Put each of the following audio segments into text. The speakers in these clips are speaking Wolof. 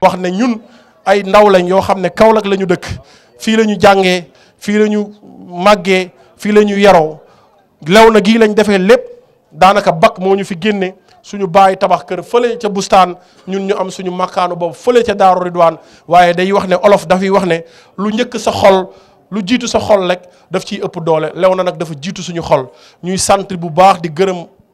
wax ne ñun ay ndaw lañ yoo xam ne kaw la lañu dëkk fii la ñu jàngee fii lañu màggee fii la ñu yaroo lew na gii lañ defee lépp daanaka bakk moo ñu fi génne suñu bàyyi tabax kër fële ca bustaan ñun ñu am suñu makkaanu boobu fële ca daaru ridwaan waaye day wax ne olof dafay wax ne lu njëkk sa xol lu jiitu sa xol rek daf ciy ëpp doole lew na nag dafa jiitu suñu xol ñuy sant bu baax di gërëm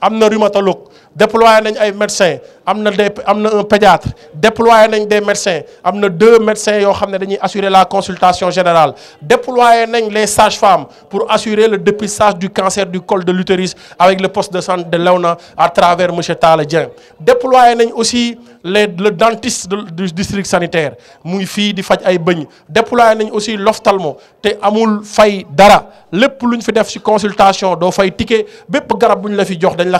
am na rhumatologue déployer nañ ay médecins am un pédiatre déployer des médecins am deux médecins qui xam assurer la consultation générale déployer nañ les sages-femmes pour assurer le dépistage du cancer du col de l'utérus avec le poste de santé de Léona à travers monsieur Tala Dieng déployé nañ aussi les le dentiste du district sanitaire muy fi di faj ay bëñ aussi l'ophtalmo te amul fay dara lépp lu fi def ci consultation do fay ticket bépp garab le la fi jox dañ la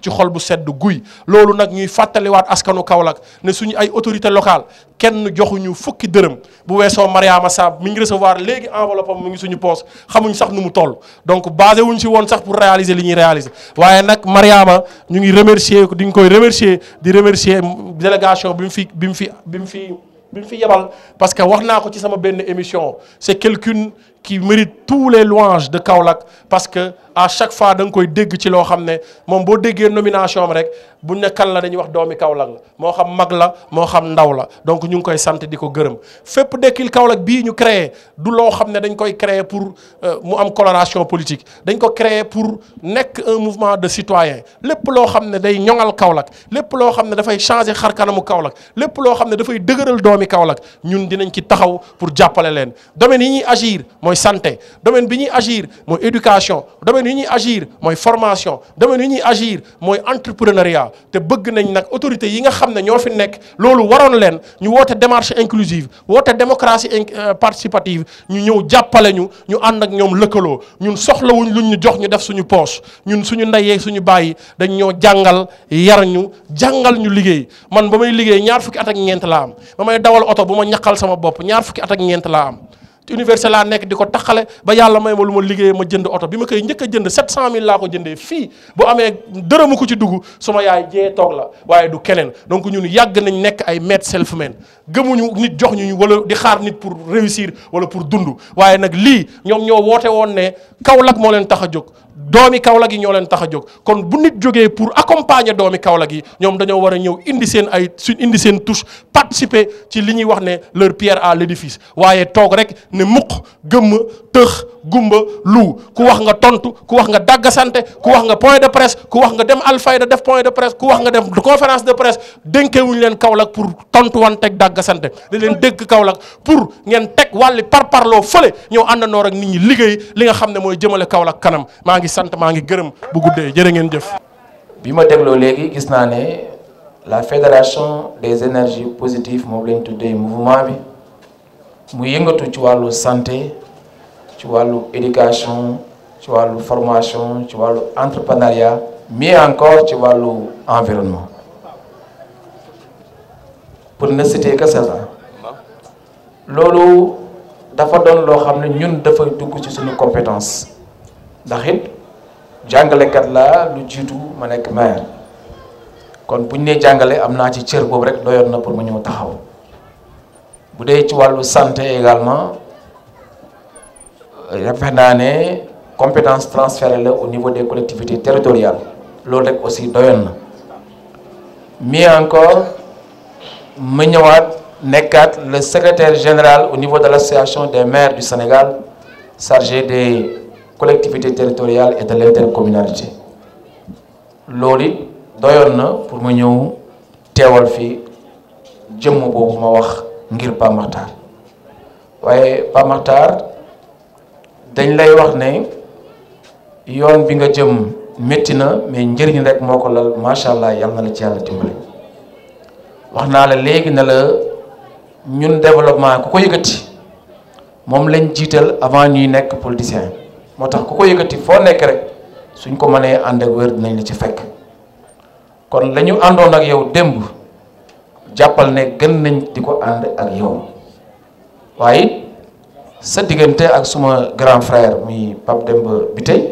ci xol bu sedd guy loolu nag ñuy fàttaliwaat askanu Kaolack ne suñu ay autorité locale kenn joxuñu fukki dërëm bu weesoo Mariama Sab mi ngi recevoir léegi enveloppe am ngi suñu poos xamuñ sax nu mu toll donc basé si woon sax pour réaliser li ñuy réaliser waaye nag Mariama ñu ngi remercier di nga koy remercier di remercier délégation bi mu fi bi mu fi bi mu fi bi mu fi yebal parce que wax naa ko ci sama benn émission c'est quelqu'un qui mérite tous les louanges de Kaolack parce que à chaque fois da koy dégg ci lo xamné mom bo boo nomination am rek bu ne kan la dañuy wax doomi Kaolack la moo xam mag la mo xam ndaw la donc ñu ngi koy sant diko ko fep fépp dekkil Kaolack bi ñu créé du lo xamné dañ koy créer pour euh, mu am coloration politique dañ ko créer pour nek un mouvement de citoyens lepp lo xamné day ñongal Kaolack lepp lo xamné da fay changer xar kanamu Kaolack lepp lo xamné da fay dëgëral doomi Kaolack ñun dinañ ci taxaw pour jappalé leen domaine yi ñi agir moy santé domaine bi agir moy éducation domaine yi agir moy formation domaine yi agir moy entrepreneuriat té bëgg nañ n'ak autorité yi nga xamné ne ñoo fi nekk ñu démarche inclusive woote démocratie euh, participative ñu ñëw jappalé ñu ñu and ak ñom lekolo ñun soxlawuñ luñ ñu jox ñu def suñu poche ñun suñu ndeyee suñu bayyi dañ ñoo jangal yar ñu jàngal ñu liggéey man bamay may liggéey ñaar fukki at ak ñeent la am bamay dawal auto buma sama bop ñaar fukki at ak am te université laa nekk di ko taxale ba yàlla may ma lu ma liggéey ma jënd oto bi ma koy njëkk a jënd 700000 laa ko jëndee fii bu amee dërëmu ko ci dugg suma yaay jee toog la waaye du keneen donc ñun yàgg nañ nekk ay maître self man gëmuñu nit jox ñu wala di xaar nit pour réussir wala pour dund waaye nag lii ñoom ñoo woote woon ne Kaolack moo leen tax a jóg doomi Kaolack yi ñoo leen tax a jóg kon bu nit jógee pour accompagner doomi Kaolack yi ñoom dañoo war a ñëw indi seen ay suñ indi seen touche participer ci li ñuy wax ne leur pierre à l'édifice waaye toog rek ne muq gëmm tëx gumba lu ku wax nga tontu ku wax nga sante ku wax nga point de presse ku wax nga dem alfayda def point de presse ku wax nga dem conférence de presse dénkewuñu leen Kaolack pour tontu wan teg dàggasante da leen dégg Kaolack pour ngeen teg par parparloo fële ñëw àndandoo ak nit ñi liggéey li nga xam ne mooy jëmale Kaolack kanam maa ngi sant maa ngi gërëm bu guddee jërë ngeen jëf. bi ma dégloo léegi gis naa ne la fédération des énergies positives moom lañ tuddee mouvement mu yëngatu ci walu santé ci walu éducation ci walu formation ci walu entrepreneuriat mais encore ci walu environnement pour ne citer que ça lolu dafa don lo xam ñun dafa dugg ci suñu compétence ndax it kat la lu jitu ma maire kon buñ né jangale amna ci cër boobu rek doyoon na pour ma ñëw taxaw vous devez santé également la fin transférées compétence transférée au niveau des collectivités territoriales loolu aussi donne. mais encore ma Nekat, le secrétaire général au niveau de l'association des maires du Sénégal chargé des collectivités territoriales et de l'intercommunalité loolu it pour ma ñëw fi ngir Pa Makhtar waaye Pa Makhtar dañ lay wax ne yoon bi nga jëm métti na mais njëriñ rek moo ko lal macha allah yal na la ci yàlla dimbali wax naa la léegi ne la ñun développement ku ko yëkkati moom lañ jiital avant ñuy nekk politicien moo tax ku ko yëkkati foo nekk rek suñ ko mënee ànd ak wér dinañ la ci fekk kon lañu ñu àndoon ak yow démb. jàppal ne gën nañ di ko ànd ak yow waaye sa diggante ak suma grand frère muy Pape Demba Bitèye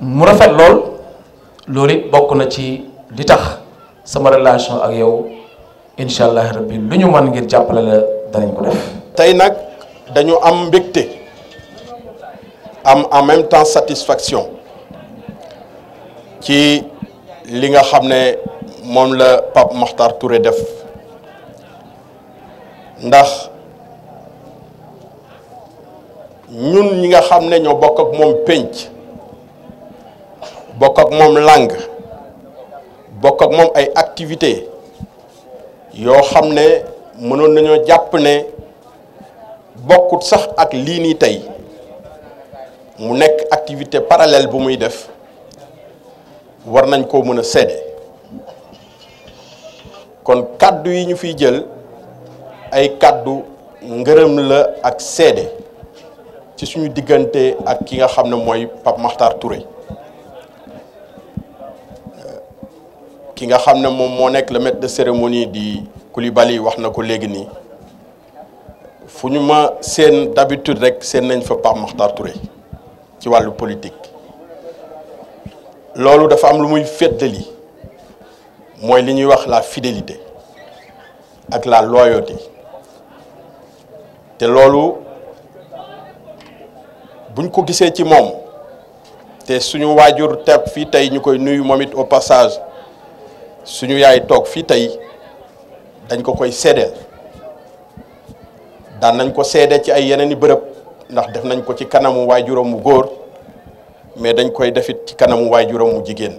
mu rafet lool loolu it bokk na ci li tax sama relation ak yow incha allah rabbi lu ñu mën ngir jàppale la danañ ko def. tey nag dañu am mbégte am en même temps satisfaction ci li nga xam ne. moom la Pape Makhtar Touré def ndax ñun ñi nga xam ne ñoo bokk ak moom pénc bokk ak moom langue bokk ak moom ay activité yoo xam ne mënoon nañoo jàpp ne bokkut sax ak lii nii tey mu nekk activité parallèle bu muy def war nañ koo mën a séede kon kàddu yi ñu fi jël ay kàddu ngërëm la ak seede ci suñu digënté ak ki nga xam moy pap Makhtar Touré euh, ki nga xam mom mo nek le maître de cérémonie di Koulibaly wax na ko légui ni fu ñu ma seen d'habitude rek seen nañ fa pap Makhtar Touré ci walu politique loolu dafa am lu muy féddali mooy li ñuy wax la fidélité ak la loyauté te loolu buñ ko gisee ci moom te suñu waajur tepp fii tey ñu koy nuyu moom it au passage suñu yaay toog fii tey dañ ko koy seedeel daan nañ ko seede ci ay yeneen i bërëb ndax def nañ ko ci kanamu waajuram mu góor mais dañ koy defit ci kanamu waajuram mu jigéen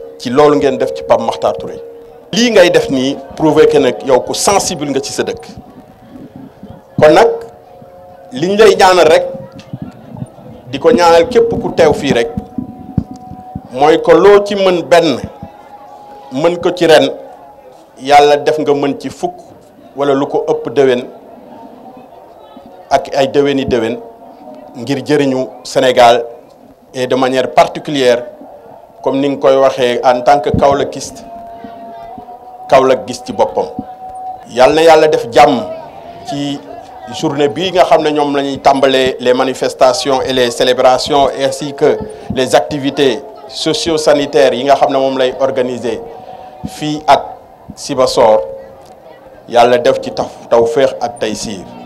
ci loolu ngeen def ci pam Makhtar Touré. lii ngay def nii prouver que nag yow ku sensible nga ci sa dëkk kon nag liñ lay ñaanal rek di ko ñaanal képp ku teew fii rek mooy ko loo ci mën benn mën ko ci ren yàlla def nga mën ci fukk wala lu ko ëpp déwén ak ay déwéni déwén ngir jëriñu Sénégal et de manière particulière comme ni koy en tant que kaolakiste kaolak gis ci il yalla na yàlla def jàmm ci journée bi nga xamné ñom lañuy tambalé les manifestations et les célébrations ainsi que les activités socio-sanitaires yi nga xamné mom lay organiser fi ak Sibassor yalla def ci taw tawfiq ak taysir